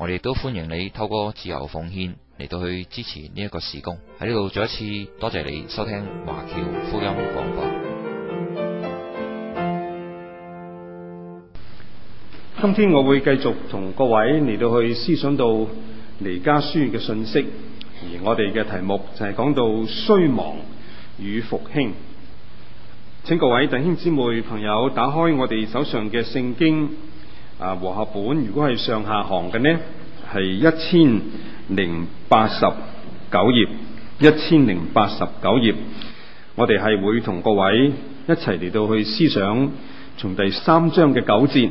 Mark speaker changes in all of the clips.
Speaker 1: 我哋都歡迎你透過自由奉獻嚟到去支持呢一個事工。喺呢度再一次多謝你收聽華僑福音廣播。今天我會繼續同各位嚟到去思想到彌迦書嘅信息，而我哋嘅題目就係講到衰亡與復興。請各位弟兄姊妹朋友打開我哋手上嘅聖經。啊！和合本如果係上下行嘅呢，係一千零八十九頁，一千零八十九頁，我哋係會同各位一齊嚟到去思想，從第三章嘅九節，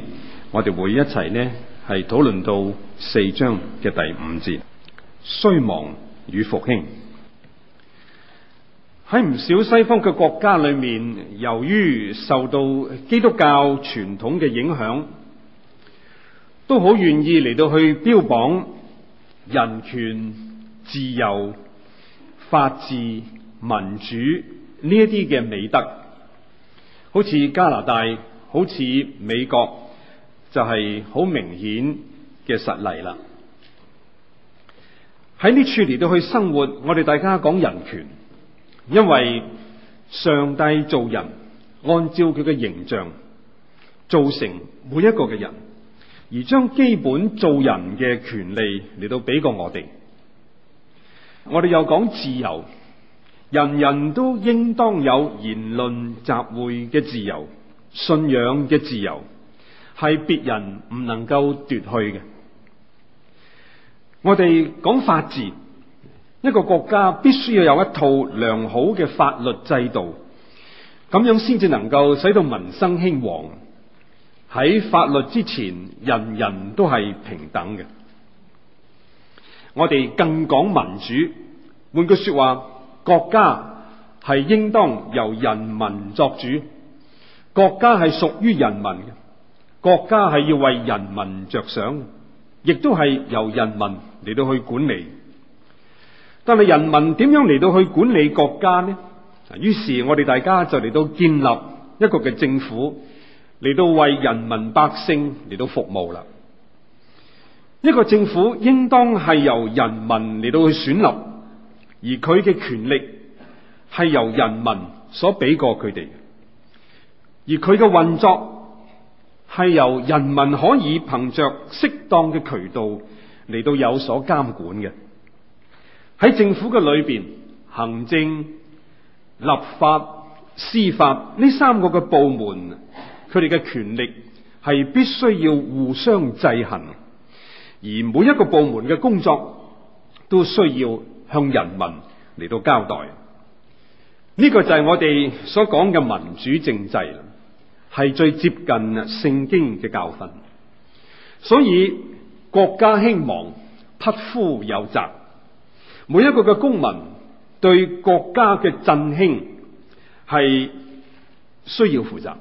Speaker 1: 我哋會一齊呢，係討論到四章嘅第五節，衰亡與復興。喺唔少西方嘅國家裏面，由於受到基督教傳統嘅影響。都好願意嚟到去標榜人權、自由、法治、民主呢一啲嘅美德，好似加拿大、好似美國，就係好明顯嘅實例啦。喺呢處嚟到去生活，我哋大家講人權，因為上帝做人，按照佢嘅形象造成每一個嘅人，而將基本做人嘅權利嚟到俾過我哋，我哋又講自由，人人都應當有言論集會嘅自由、信仰嘅自由，係別人唔能夠奪去嘅。我哋講法治，一個國家必須要有一套良好嘅法律制度，咁樣先至能夠使到民生興旺。喺法律之前，人人都係平等嘅。我哋更講民主，換句說話，國家係應當由人民作主，國家係屬於人民嘅，國家係要為人民着想，亦都係由人民嚟到去管理。但係人民點樣嚟到去管理國家呢？於是我哋大家就嚟到建立一個嘅政府。嚟到為人民百姓嚟到服務啦。一個政府應當係由人民嚟到去選立，而佢嘅權力係由人民所俾過佢哋，而佢嘅運作係由人民可以憑着適當嘅渠道嚟到有所監管嘅。喺政府嘅裏邊，行政、立法、司法呢三個嘅部門。佢哋嘅權力係必須要互相制衡，而每一個部門嘅工作都需要向人民嚟到交代。呢個就係我哋所講嘅民主政制，係最接近聖經嘅教訓。所以國家興亡，匹夫有責。每一個嘅公民對國家嘅振興係需要負責。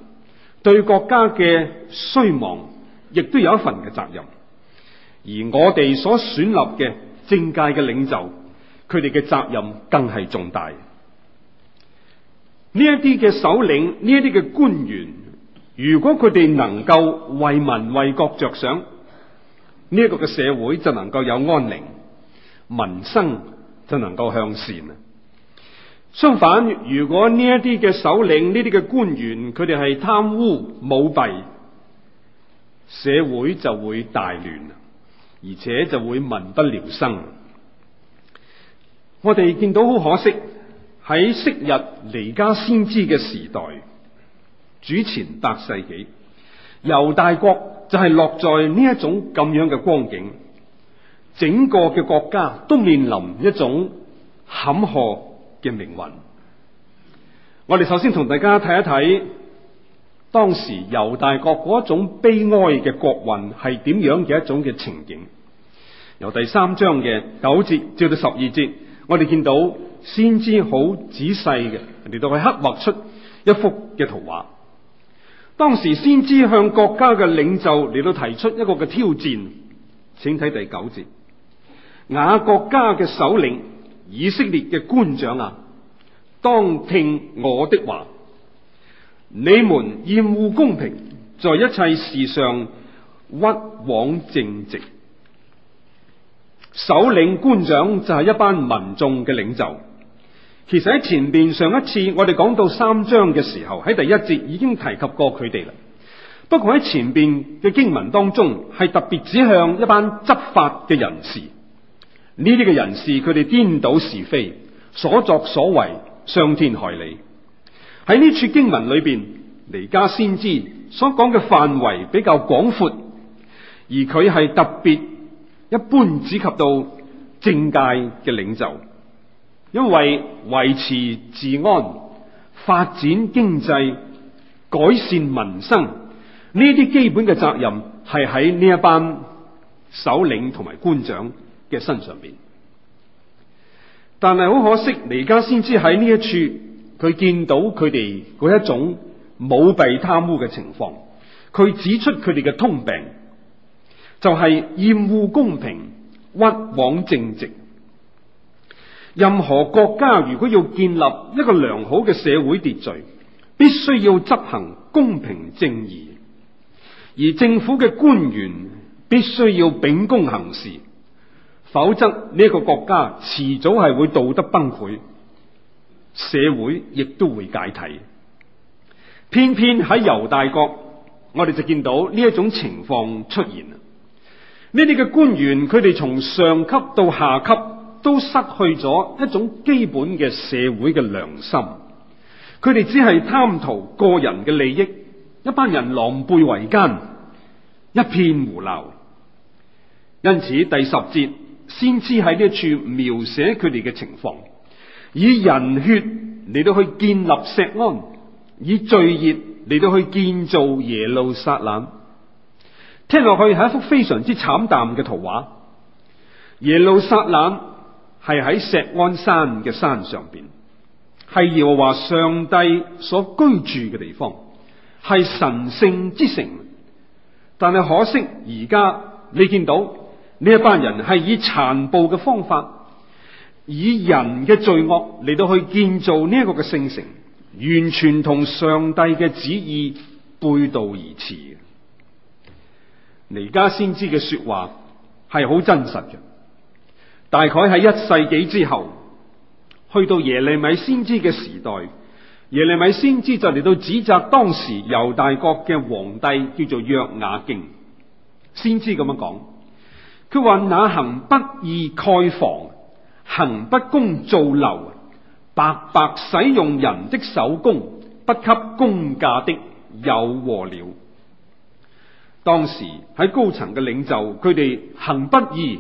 Speaker 1: 對國家嘅衰亡，亦都有一份嘅責任。而我哋所選立嘅政界嘅領袖，佢哋嘅責任更係重大。呢一啲嘅首領，呢一啲嘅官員，如果佢哋能夠為民為國着想，呢一個嘅社會就能夠有安寧，民生就能夠向善。相反，如果呢一啲嘅首領、呢啲嘅官員，佢哋係貪污舞弊，社會就會大亂，而且就會民不聊生。我哋見到好可惜，喺昔日彌迦先知嘅時代，主前八世紀，猶大國就係落在呢一種咁樣嘅光景，整個嘅國家都面臨一種坎坷。嘅命運，我哋首先同大家睇一睇當時猶大國嗰一種悲哀嘅國運係點樣嘅一種嘅情景。由第三章嘅九節至到十二節，我哋見到先知好仔細嘅嚟到去刻畫出一幅嘅圖畫。當時先知向國家嘅領袖嚟到提出一個嘅挑戰，請睇第九節，雅各家嘅首領。以色列嘅官長啊，當聽我的話，你們厭惡公平，在一切事上屈枉正直。首領官長就係一班民眾嘅領袖。其實喺前邊上一次我哋講到三章嘅時候，喺第一節已經提及過佢哋啦。不過喺前邊嘅經文當中，係特別指向一班執法嘅人士。呢啲嘅人士，佢哋顛倒是非，所作所為傷天害理。喺呢處經文裏邊，彌迦先知所講嘅範圍比較廣闊，而佢係特別一般只及到政界嘅領袖，因為維持治安、發展經濟、改善民生呢啲基本嘅責任係喺呢一班首領同埋官長。嘅身上邊，但係好可惜，彌迦先知喺呢一處，佢見到佢哋嗰一種舞弊貪污嘅情況。佢指出佢哋嘅通病就係厭惡公平、屈枉正直。任何國家如果要建立一個良好嘅社會秩序，必須要執行公平正義，而政府嘅官員必須要秉公行事。否則呢一個國家遲早係會道德崩潰，社會亦都會解體。偏偏喺猶大國，我哋就見到呢一種情況出現。呢啲嘅官員，佢哋從上級到下級都失去咗一種基本嘅社會嘅良心，佢哋只係貪圖個人嘅利益，一班人狼狽為奸，一片胡鬧。因此第十節。先知喺呢一處描寫佢哋嘅情況，以人血嚟到去建立錫安，以罪孽嚟到去建造耶路撒冷。聽落去係一幅非常之慘淡嘅圖畫。耶路撒冷係喺錫安山嘅山上邊，係耶和華上帝所居住嘅地方，係神聖之城。但係可惜，而家你見到。呢一班人係以殘暴嘅方法，以人嘅罪惡嚟到去建造呢一個嘅聖城，完全同上帝嘅旨意背道而馳嘅。彌迦先知嘅說話係好真實嘅，大概喺一世紀之後，去到耶利米先知嘅時代，耶利米先知就嚟到指責當時猶大國嘅皇帝叫做約雅敬，先知咁樣講。佢話：那行不義蓋房，行不公造樓，白白使用人的手工，不給工價的，有禍了。當時喺高層嘅領袖，佢哋行不義，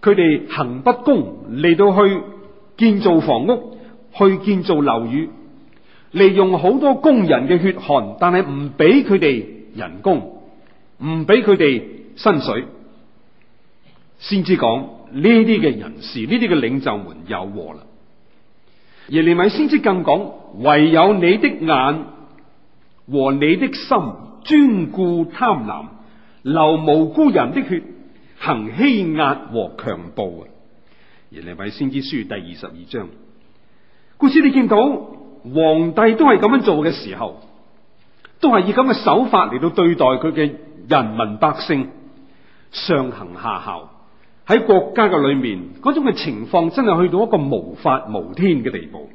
Speaker 1: 佢哋行不公，嚟到去建造房屋，去建造樓宇，利用好多工人嘅血汗，但係唔俾佢哋人工，唔俾佢哋薪水。先知講呢啲嘅人士，呢啲嘅領袖們有禍啦。耶利米先知咁講，唯有你的眼和你的心專顧貪婪，流無辜人的血，行欺壓和強暴啊！耶利米先知書第二十二章，故事你見到皇帝都係咁樣做嘅時候，都係以咁嘅手法嚟到對待佢嘅人民百姓，上行下效。喺國家嘅裏面，嗰種嘅情況真係去到一個無法無天嘅地步，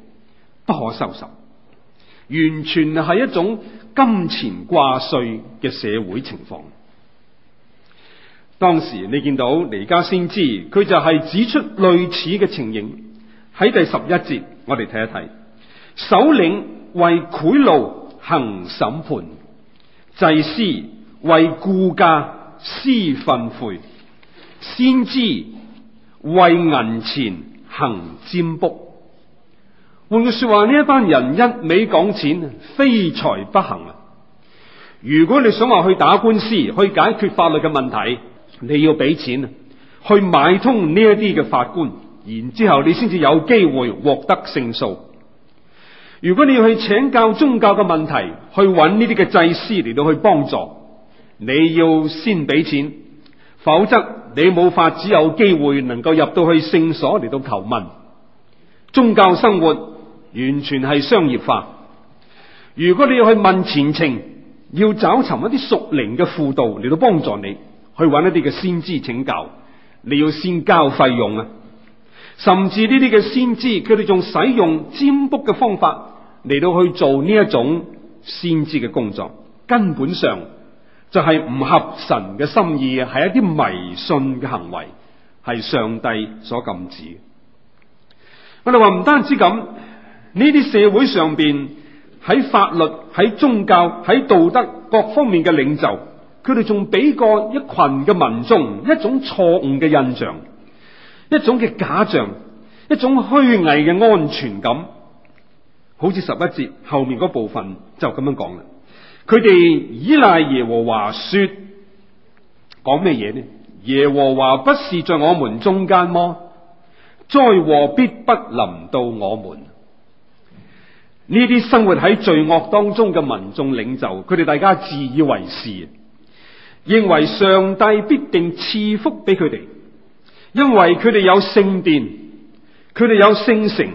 Speaker 1: 不可收拾，完全係一種金錢掛帥嘅社會情況。當時你見到，彌迦先知佢就係指出類似嘅情形。喺第十一節，我哋睇一睇，首領為賄賂行審判，祭司為雇價施訓誨。先知為銀錢行占卜，換句說話，呢一班人一味講錢，非財不行。如果你想話去打官司，去解決法律嘅問題，你要俾錢去買通呢一啲嘅法官，然之後你先至有機會獲得勝訴。如果你要去請教宗教嘅問題，去揾呢啲嘅祭司嚟到去幫助，你要先俾錢。否則你冇法只有機會能夠入到去聖所嚟到求問，宗教生活完全係商業化。如果你要去問前程，要找尋一啲屬靈嘅輔導嚟到幫助你，去揾一啲嘅先知請教，你要先交費用啊。甚至呢啲嘅先知，佢哋仲使用占卜嘅方法嚟到去做呢一種先知嘅工作，根本上，就係、是，唔合神嘅心意，係一啲迷信嘅行為，係上帝所禁止。我哋話唔單止咁，呢啲社會上邊喺法律、喺宗教、喺道德各方面嘅領袖，佢哋仲俾過一群嘅民眾一種錯誤嘅印象，一種嘅假象，一種虛偽嘅安全感，好似十一節後面嗰部分就咁樣講啦。佢哋依賴耶和華說，講咩嘢呢？耶和華不是在我們中間麼？災禍必不臨到我們。呢啲生活喺罪惡當中嘅民眾領袖，佢哋大家自以為是，認為上帝必定賜福俾佢哋，因為佢哋有聖殿，佢哋有聖城，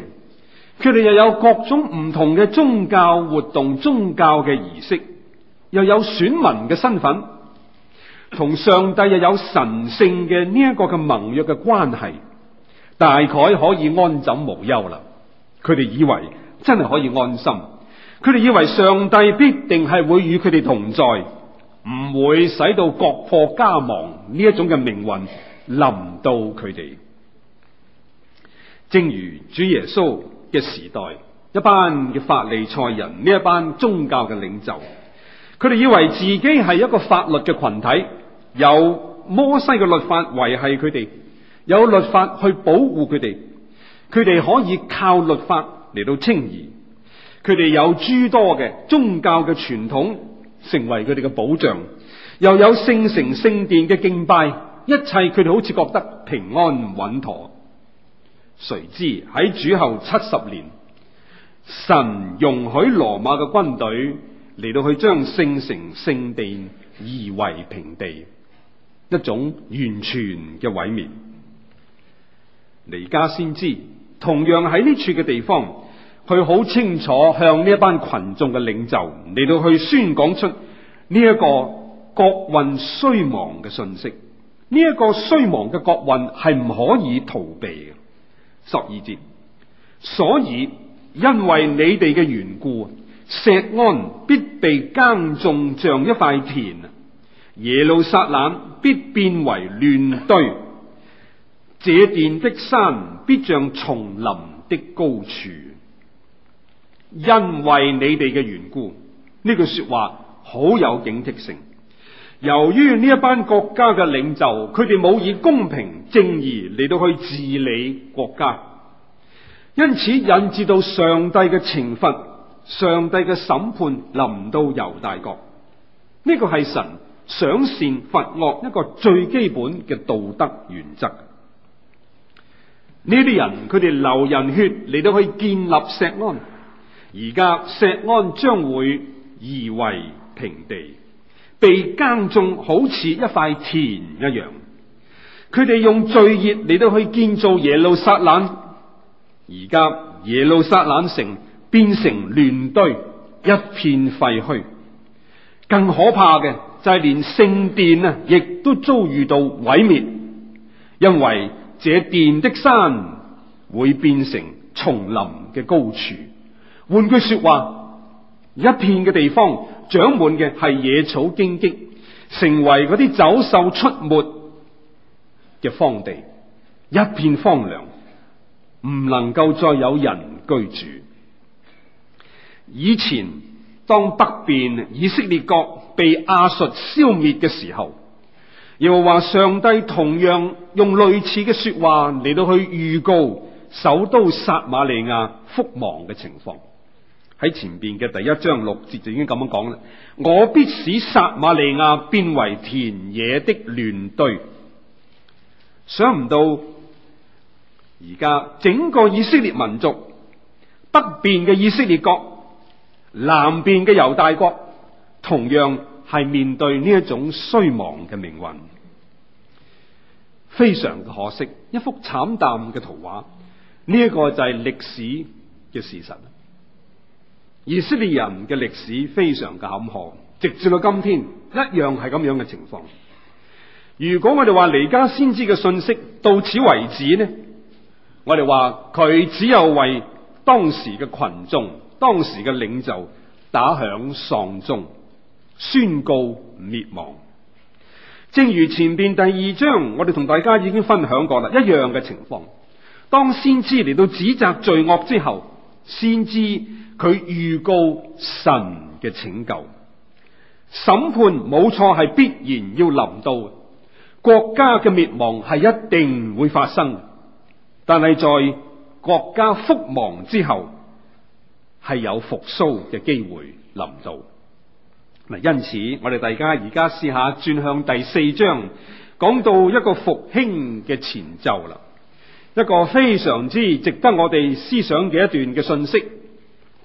Speaker 1: 佢哋又有各種唔同嘅宗教活動、宗教嘅儀式。又有選民嘅身份，同上帝又有神聖嘅呢一個嘅盟約嘅關係，大概可以安枕無憂啦。佢哋以為真係可以安心，佢哋以為上帝必定係會與佢哋同在，唔會使到國破家亡呢一種嘅命運臨到佢哋。正如主耶穌嘅時代，一班嘅法利賽人，呢一班宗教嘅領袖。佢哋以為自己係一個法律嘅群體，有摩西嘅律法維繫佢哋，有律法去保護佢哋，佢哋可以靠律法嚟到稱義。佢哋有諸多嘅宗教嘅傳統成為佢哋嘅保障，又有聖城聖殿嘅敬拜，一切佢哋好似覺得平安穩妥。誰知喺主後七十年，神容許羅馬嘅軍隊。嚟到去將聖城聖殿夷為平地，一種完全嘅毀滅。彌迦先知同樣喺呢處嘅地方，佢好清楚向呢一班群眾嘅領袖嚟到去宣講出呢一個國運衰亡嘅信息。呢一個衰亡嘅國運係唔可以逃避嘅。十二節，所以因為你哋嘅緣故。錫安必被耕種，像一塊田；耶路撒冷必變為亂堆。這殿的山必像叢林的高處，因為你哋嘅緣故。呢句說話好有警惕性。由於呢一班國家嘅領袖，佢哋冇以公平正義嚟到去治理國家，因此引致到上帝嘅懲罰。上帝嘅審判臨到猶大國，呢個係神賞善罰惡一個最基本嘅道德原則。呢啲人佢哋流人血嚟到去建立錫安，而家錫安將會夷為平地，被耕種好似一塊田一樣。佢哋用罪孽嚟到去建造耶路撒冷，而家耶路撒冷城，變成亂堆，一片廢墟。更可怕嘅就係連聖殿啊，亦都遭遇到毀滅。因為這殿的山會變成叢林嘅高處。換句說話，一片嘅地方長滿嘅係野草荊棘，成為嗰啲走獸出沒嘅荒地，一片荒涼，唔能夠再有人居住。以前當北邊以色列國被亞述消滅嘅時候，又話上帝同樣用類似嘅說話嚟到去預告首都撒馬利亞覆亡嘅情況。喺前邊嘅第一章六節就已經咁樣講啦。我必使撒馬利亞變為田野的亂堆。想唔到而家整個以色列民族北邊嘅以色列國，南邊嘅猶大國同樣係面對呢一種衰亡嘅命運，非常可惜，一幅慘淡嘅圖畫。呢一個就係歷史嘅事實。以色列人嘅歷史非常嘅坎坷，直至到今天一樣係咁樣嘅情況。如果我哋話彌迦先知嘅信息到此為止呢？我哋話佢只有為當時嘅群眾。當時嘅領袖打響喪鐘，宣告滅亡。正如前邊第二章，我哋同大家已經分享過啦，一樣嘅情況。當先知嚟到指責罪惡之後，先知佢預告神嘅拯救、審判冇錯係必然要臨到的，國家嘅滅亡係一定會發生的。但係在國家覆亡之後，係有復蘇嘅機會臨到，嗱，因此我哋大家而家試下轉向第四章，講到一個復興嘅前奏啦，一個非常之值得我哋思想嘅一段嘅信息，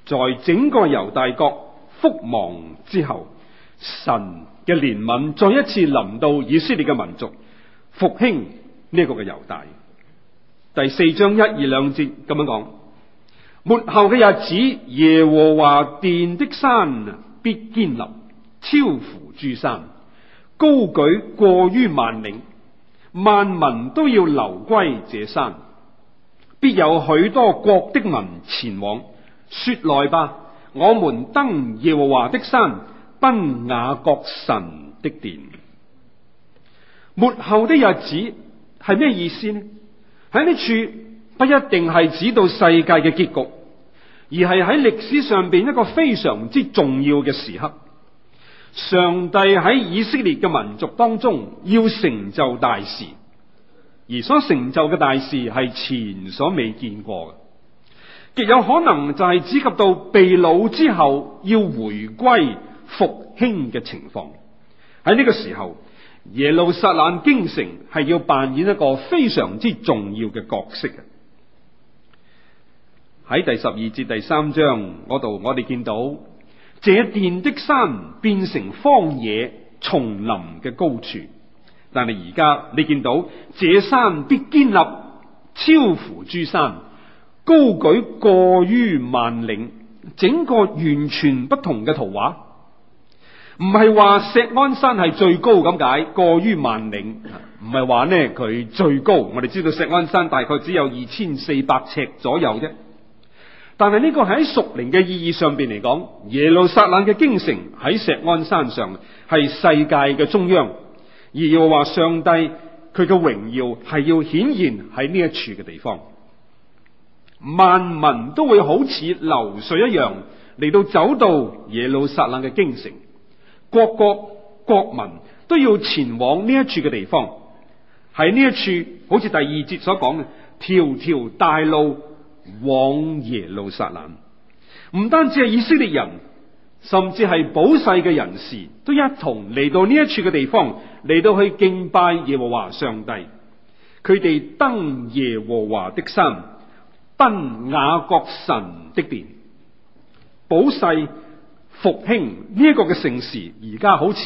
Speaker 1: 在整個猶大國覆亡之後，神嘅憐憫再一次臨到以色列嘅民族，復興呢一個嘅猶大。第四章一、二兩節咁樣講。末後嘅日子，耶和華殿的山必建立，超乎諸山，高舉過於萬嶺，萬民都要流歸這山。必有許多國的民前往，說來吧，我們登耶和華的山，奔雅各神的殿。末後的日子係咩意思呢？喺呢處不一定係指到世界嘅結局。而係喺歷史上邊一個非常之重要嘅時刻，上帝喺以色列嘅民族當中要成就大事，而所成就嘅大事係前所未見過嘅，極有可能就係涉及到被擄之後要回歸復興嘅情況。喺呢個時候，耶路撒冷京城係要扮演一個非常之重要嘅角色嘅。喺第十二節第三章嗰度，那裡我哋見到這殿的山變成荒野叢林嘅高處，但係而家你見到這山必堅立，超乎諸山，高舉過於萬嶺，整個完全不同嘅圖畫。唔係話錫安山係最高咁解，過於萬嶺唔係話呢，佢最高。我哋知道錫安山大概只有二千四百尺左右啫。但係呢個喺喺屬靈嘅意義上邊嚟講，耶路撒冷嘅京城喺錫安山上，係世界嘅中央。而要話上帝佢嘅榮耀係要顯現喺呢一處嘅地方，萬民都會好似流水一樣嚟到走到耶路撒冷嘅京城，各國國民都要前往呢一處嘅地方。喺呢一處，好似第二節所講嘅，條條大路。往耶路撒冷，唔單止係以色列人，甚至係保世嘅人士都一同嚟到呢一處嘅地方，嚟到去敬拜耶和華上帝。佢哋登耶和華的山，奔雅各神的殿，保世復興呢一個嘅城市，而家好似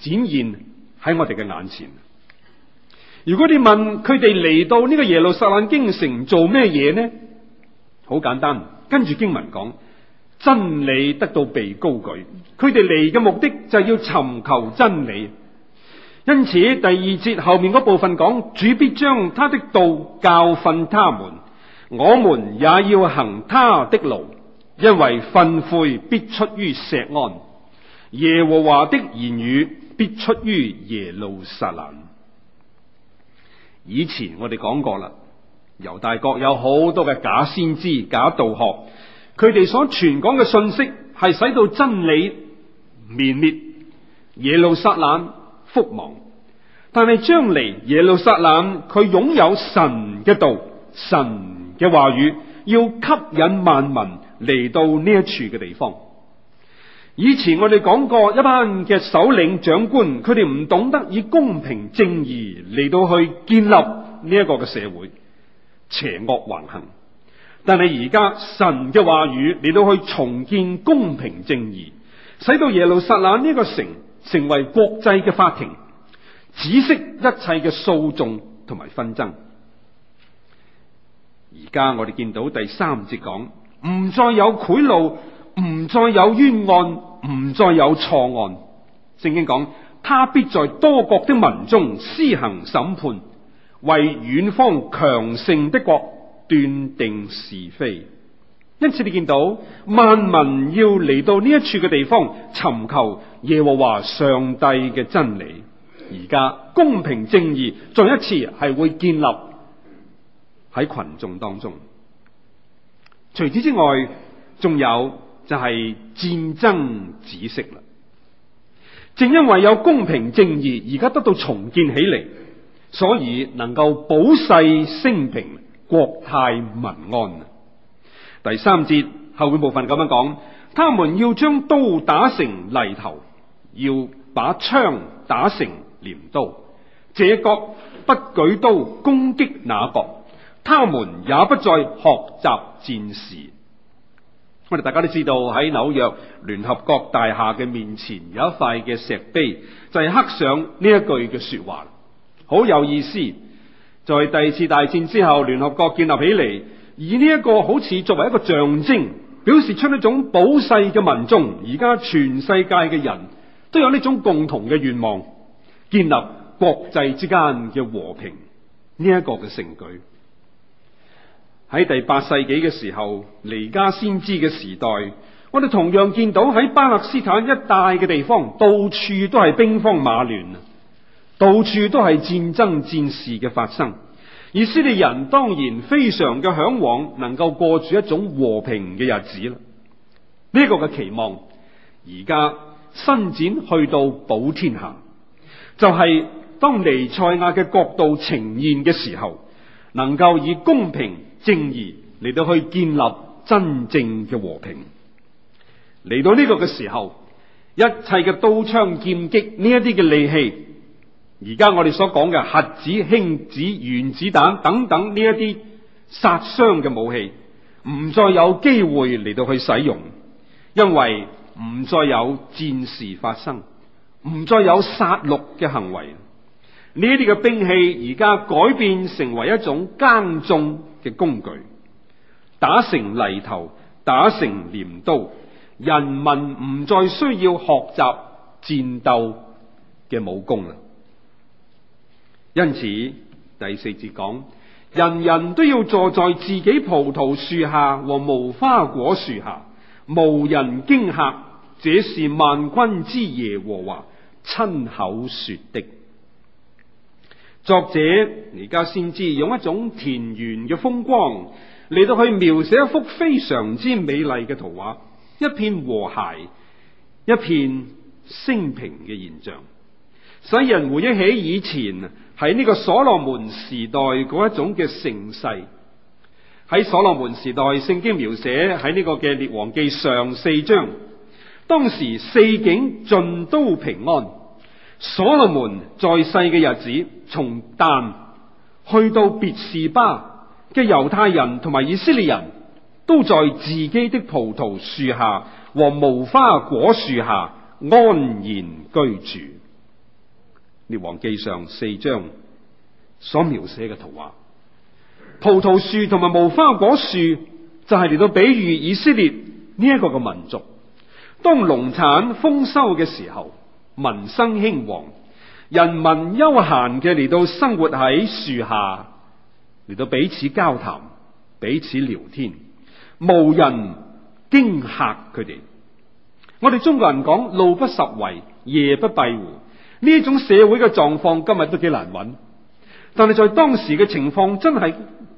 Speaker 1: 展現喺我哋嘅眼前。如果你問佢哋嚟到呢個耶路撒冷京城做咩嘢呢？好簡單，跟住經文講真理得到被高舉，佢哋嚟嘅目的就是要尋求真理。因此第二節後面嗰部分講，主必將他的道教訓他們，我們也要行他的路，因為訓誨必出於錫安，耶和華的言語必出於耶路撒冷。以前我哋講過啦。猶大國有好多嘅假先知、假道學，佢哋所傳講嘅信息係使到真理泯滅，耶路撒冷覆亡。但係將嚟耶路撒冷佢擁有神嘅道、神嘅話語，要吸引萬民嚟到呢一處嘅地方。以前我哋講過一班嘅首領長官，佢哋唔懂得以公平正義嚟到去建立呢一個嘅社會。邪惡橫行，但係而家神嘅話語嚟到去重建公平正義，使到耶路撒冷呢個城成為國際嘅法庭，止息一切嘅訴訟同埋紛爭。而家我哋見到第三節講，唔再有賄賂，唔再有冤案，唔再有錯案。聖經講，他必在多國的民眾施行審判。為遠方強盛的國斷定是非，因此你見到萬民要嚟到呢一處嘅地方尋求耶和華上帝嘅真理。而家公平正義再一次係會建立喺群眾當中。除此之外，仲有就係戰爭止息啦。正因為有公平正義，而家得到重建起嚟。所以能夠保世升平，國泰民安。第三節後半部分咁樣講，他們要將刀打成犁頭，要把槍打成鐮刀，這國不舉刀攻擊那國，他們也不再學習戰事。我哋大家都知道喺紐約聯合國大廈嘅面前有一塊嘅石碑，就係、是、刻上呢一句嘅說話。好有意思，在第二次大戰之後，聯合國建立起嚟，以呢一個好似作為一個象徵，表示出一種保世嘅民眾，而家全世界嘅人都有呢種共同嘅願望，建立國際之間嘅和平，呢一個嘅成舉喺第八世紀嘅時候，彌迦先知嘅時代，我哋同樣見到喺巴勒斯坦一帶嘅地方，到處都係兵荒馬亂。到處都係戰爭戰事嘅發生，以色列人當然非常嘅嚮往能夠過住一種和平嘅日子啦。呢、這個嘅期望而家伸展去到普天下，就係、是、當彌賽亞嘅國度呈現嘅時候，能夠以公平正義嚟到去建立真正嘅和平。嚟到呢個嘅時候，一切嘅刀槍劍戟呢一啲嘅利器，而家我哋所講嘅核子、氫子、原子彈等等呢一啲殺傷嘅武器，唔再有機會嚟到去使用，因為唔再有戰事發生，唔再有殺戮嘅行為。呢啲嘅兵器而家改變成為一種耕種嘅工具，打成犁頭，打成鐮刀，人民唔再需要學習戰鬥嘅武功啦。因此第四節講，人人都要坐在自己葡萄樹下和無花果樹下，無人驚嚇。這是萬軍之耶和華親口說的。作者彌迦先知用一種田園嘅風光嚟到去描寫一幅非常之美麗嘅圖畫，一片和諧，一片升平嘅現象，使人回憶起以前，喺呢個所羅門時代嗰一種嘅盛世，喺所羅門時代，聖經描寫喺呢、這個嘅列王記上四章，當時四境盡都平安。所羅門在世嘅日子，從但去到別是巴嘅猶太人同埋以色列人都在自己的葡萄樹下和無花果樹下安然居住。列王記上四章所描寫嘅圖畫，葡萄樹同埋無花果樹就係嚟到比喻以色列呢一個嘅民族。當農產豐收嘅時候，民生興旺，人民悠閒嘅嚟到生活喺樹下，嚟到彼此交談、彼此聊天，無人驚吓佢哋。我哋中國人講，路不拾遺，夜不閉戶。呢一種社會嘅狀況今日都幾難揾，但係在當時嘅情況真係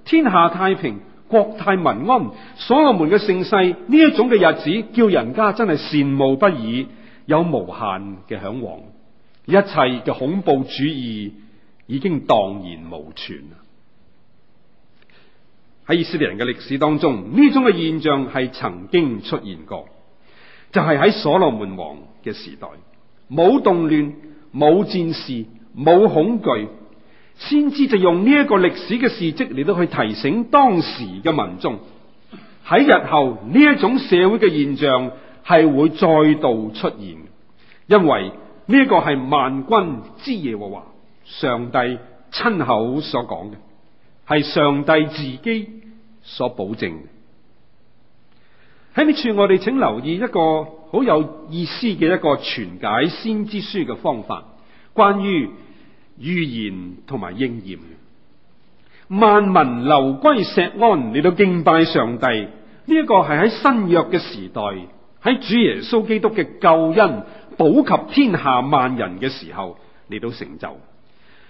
Speaker 1: 天下太平、國泰民安，所羅門嘅盛世呢一種嘅日子，叫人家真係羨慕不已，有無限嘅向往。一切嘅恐怖主義已經蕩然無存啦。喺以色列人嘅歷史當中，呢種嘅現象係曾經出現過，就係、是、喺所羅門王嘅時代冇動亂。冇戰事，冇恐懼，先知就用呢一個歷史嘅事蹟嚟到去提醒當時嘅民眾，喺日後呢一種社會嘅現象係會再度出現，因為呢個係萬軍之耶和華上帝親口所講嘅，係上帝自己所保證嘅。喺呢處我哋請留意一個。好有意思嘅一個傳解先知書嘅方法，關於預言同埋應驗，萬民流歸錫安嚟到敬拜上帝，呢、這、一個係喺新約嘅時代，喺主耶穌基督嘅救恩普及天下萬人嘅時候嚟到成就。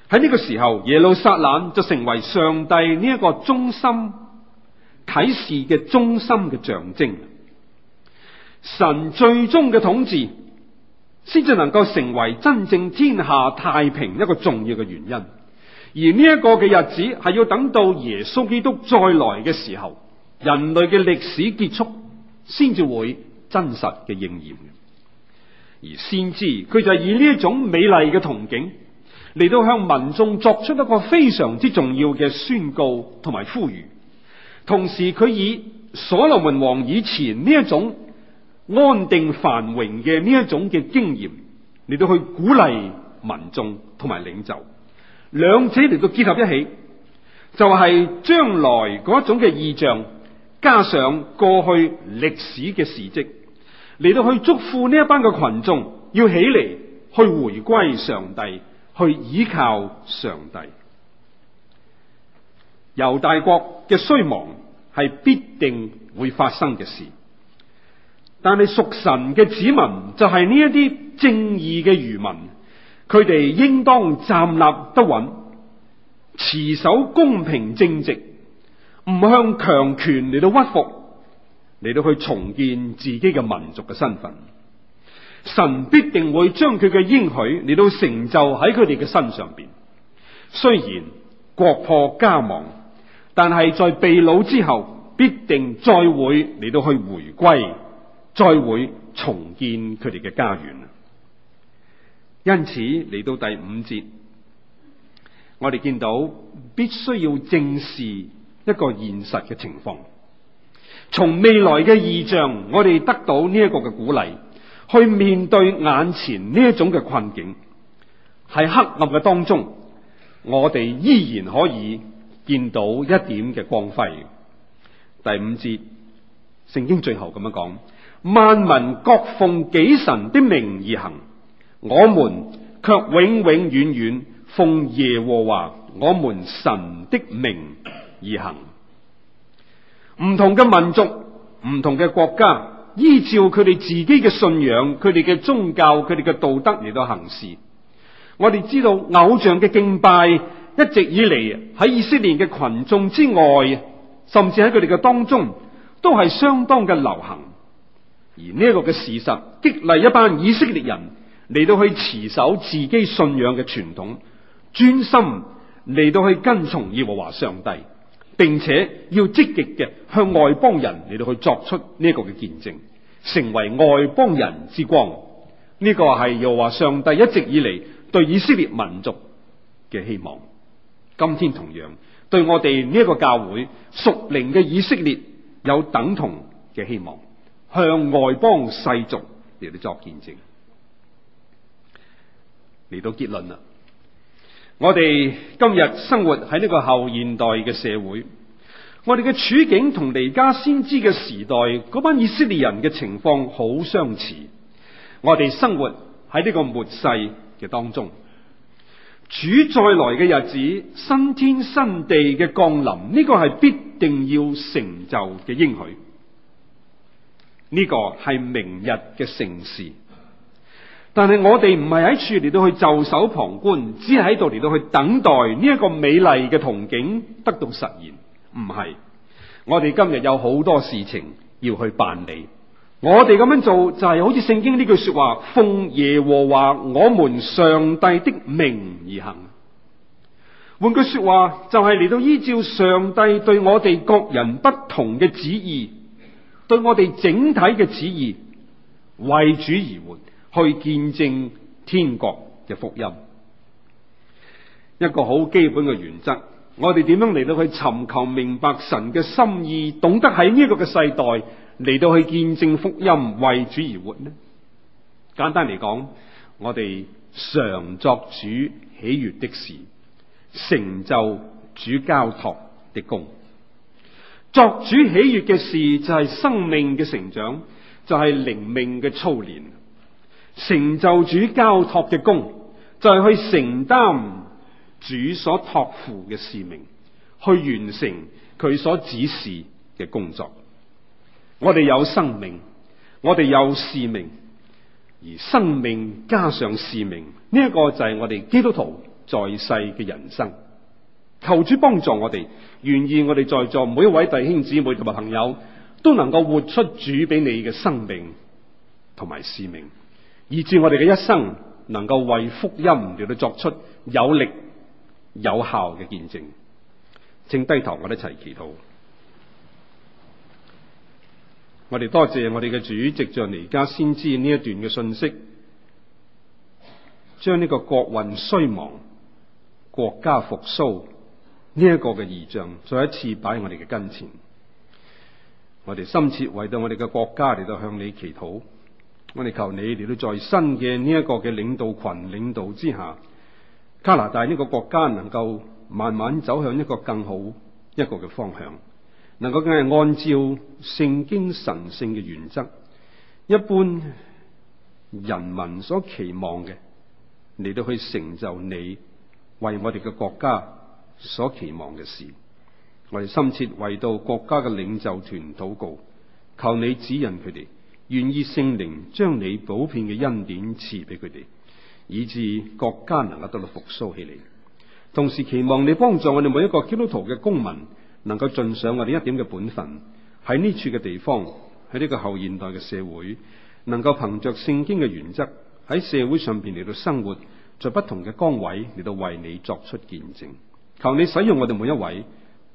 Speaker 1: 喺呢個時候，耶路撒冷就成為上帝呢一個中心啟示嘅中心嘅象徵。神最終嘅統治，先至能夠成為真正天下太平一個重要嘅原因。而呢一個嘅日子係要等到耶穌基督再來嘅時候，人類嘅歷史結束，先至會真實嘅應驗。而先知佢就以呢一種美麗嘅圖景嚟到向民眾作出一個非常之重要嘅宣告同埋呼籲，同時佢以所羅門王以前呢一種。安定繁榮嘅呢一種嘅經驗，嚟到去鼓勵民眾同埋領袖，兩者嚟到結合一起，就係、是、將來嗰一種嘅異象，加上過去歷史嘅事蹟，嚟到去祝福呢一班嘅群眾要起嚟去回歸上帝，去依靠上帝。猶大國嘅衰亡係必定會發生嘅事。但係屬神嘅子民就係呢一啲正義嘅漁民，佢哋應當站立得穩，持守公平正直，唔向強權嚟到屈服，嚟到去重建自己嘅民族嘅身份。神必定會將佢嘅應許嚟到成就喺佢哋嘅身上邊。雖然國破家亡，但係在被擄之後，必定再會嚟到去回歸。再會重建佢哋嘅家園。因此嚟到第五節，我哋見到必須要正視一個現實嘅情況。從未來嘅異象，我哋得到呢一個嘅鼓勵，去面對眼前呢一種嘅困境，喺黑暗嘅當中，我哋依然可以見到一點嘅光輝。第五節，聖經最後咁樣講。萬民各奉己神的名而行，我們卻永永遠遠遠奉耶和華我們神的名而行。唔同嘅民族、唔同嘅國家，依照佢哋自己嘅信仰、佢哋嘅宗教、佢哋嘅道德嚟到行事。我哋知道偶像嘅敬拜一直以嚟喺以色列嘅群眾之外，甚至喺佢哋嘅當中都係相當嘅流行。而呢個個嘅事實，激勵一班以色列人嚟到去持守自己信仰嘅傳統，專心嚟到去跟從耶和華上帝，並且要積極嘅向外邦人嚟到去作出呢個個嘅見證，成為外邦人之光。呢、這個係耶和華上帝一直以嚟對以色列民族嘅希望，今天同樣對我哋呢個個教會屬靈嘅以色列有等同嘅希望。向外邦世俗嚟到作見證，嚟到結論啦。我哋今日生活喺呢個後現代嘅社會，我哋嘅處境同彌迦先知嘅時代嗰班以色列人嘅情況好相似。我哋生活喺呢個末世嘅當中，主再來嘅日子，新天新地嘅降臨，呢個係必定要成就嘅應許。呢個係明日嘅盛事，但係我哋唔係喺處嚟到去袖手旁觀，只係喺度嚟到去等待呢一個美麗嘅憧憬得到實現。唔係，我哋今日有好多事情要去辦理。我哋咁樣做就係好似聖經呢句說話：奉耶和華我們上帝的名而行。換句說話，就係嚟到依照上帝對我哋各人不同嘅旨意。對我哋整體嘅旨意，為主而活，去見證天國嘅福音，一個好基本嘅原則。我哋點樣嚟到去尋求明白神嘅心意，懂得喺呢個嘅世代嚟到去見證福音，為主而活呢？簡單嚟講，我哋常作主喜悅的事，成就主交託的功。作主喜悅嘅事就係、是、生命嘅成長，就係、是、靈命嘅操練。成就主交托嘅功，就係、是、去承擔主所托付嘅使命，去完成佢所指示嘅工作。我哋有生命，我哋有使命，而生命加上使命，呢、這、一個就係我哋基督徒在世嘅人生。求主幫助我哋，願意我哋在座每一位弟兄姊妹同埋朋友都能夠活出主俾你嘅生命同埋使命，以至我哋嘅一生能夠為福音嚟作出有力有效嘅見證。請低頭，我哋一齊祈禱。我哋多謝我哋嘅主席，就彌迦先知呢一段嘅信息，將呢個國運衰亡、國家復甦。呢、這、一個嘅異象再一次擺喺我哋嘅跟前，我哋深切為到我哋嘅國家嚟到向你祈禱，我哋求你嚟到在新嘅呢一個嘅領導群領導之下，加拿大呢個國家能夠慢慢走向一個更好一個嘅方向，能夠更係按照聖經神聖嘅原則，一般人民所期望嘅嚟到去成就你為我哋嘅國家。所期望嘅事，我哋深切為到國家嘅領袖團禱告，求你指引佢哋，願意聖靈將你普遍嘅恩典賜俾佢哋，以致國家能夠得到復甦起嚟。同時期望你幫助我哋每一個基督徒嘅公民，能夠盡上我哋一點嘅本分，喺呢處嘅地方，喺呢個後現代嘅社會，能夠憑着聖經嘅原則，喺社會上邊嚟到生活，在不同嘅崗位嚟到為你作出見證。求你使用我哋每一位，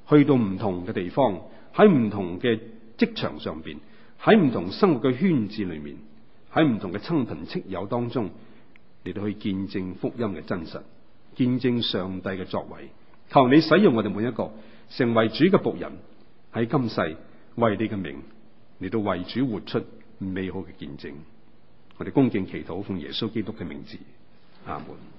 Speaker 1: 去到唔同嘅地方，喺唔同嘅職場上邊，喺唔同生活嘅圈子裏面，喺唔同嘅親朋戚友當中，嚟到去見證福音嘅真實，見證上帝嘅作為。求你使用我哋每一個，成為主嘅僕人，喺今世為你嘅名嚟到為主活出美好嘅見證。我哋恭敬祈禱，奉耶穌基督嘅名字，阿門。